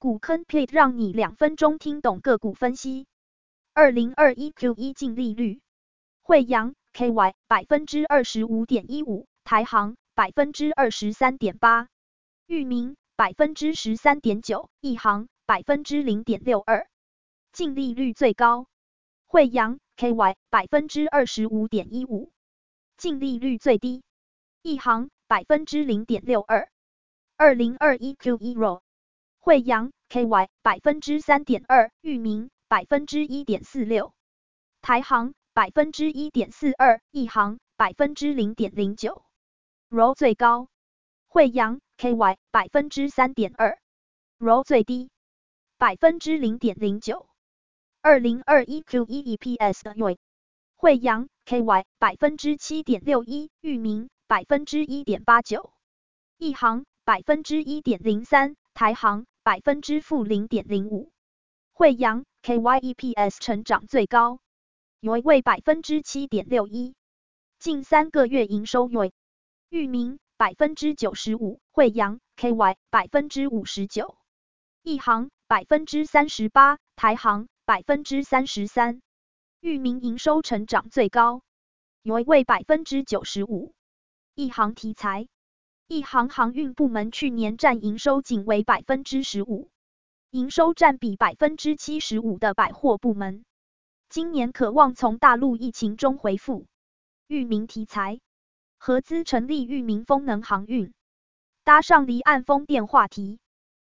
股坑 plate 讓你兩分鐘聽懂個股分析。2021Q1 淨利率，慧洋 -KY 百分之二十五點一五，台航百分之二十三點八，裕民百分之十三點九，益航百分之零點六二。淨利率最高，慧洋 -KY 百分之二十五點一五，淨利率最低，益航百分之零點六二。2021Q1 羅。慧洋 KY 百分之三點二，裕民百分之一點四六，台航百分之一點四二，益航百分之零點零九。ROE 最高，慧洋 KY 百分之三點二。ROE 最低百分之零點零九。二零二一 Q1 EPS 的 n o y，慧洋 KY 百分之七點六一，裕民百分之一點八九，益航百分之一點零三，台航。百分之負零點零五，慧洋 -KY EPS 成長最高，YoY 為百分之七點六一。近三個月營收 YoY 裕民百分之九十五，慧洋 -KY 百分之五十九，益航百分之三十八，台航百分之三十三。裕民營收成長最高，YoY 為百分之九十五。益航題材。一行航運部門去年占營收僅為百分之十五。營收占比百分之七十五的百貨部門，今年可望從大陸疫情中恢復。裕民題材，合資成立裕民風能航運，搭上離岸風電話題。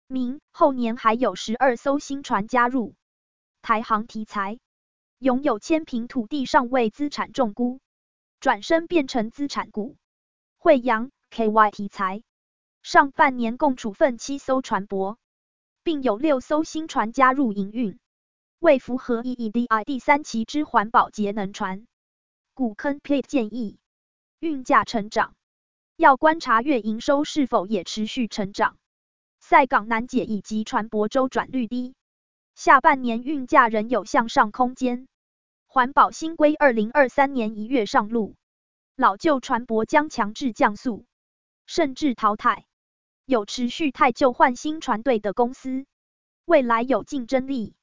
明後年還有十二艘新船加入。台航題材，擁有千坪土地尚未資產重估，轉身變成資產股。慧洋。K Y 題材，上半年共處分七艘船舶，並有六艘新船加入營運，為符合 E E D I 第三期之環保節能船。股坑 plate 建議，運價成長，要觀察月營收是否也持續成長。塞港難解以及船舶周轉率低，下半年運價仍有向上空間。環保新規二零二三年一月上路，老舊船舶將強制降速。甚至淘汰，有持續汰舊換新船隊的公司，未來有競爭力。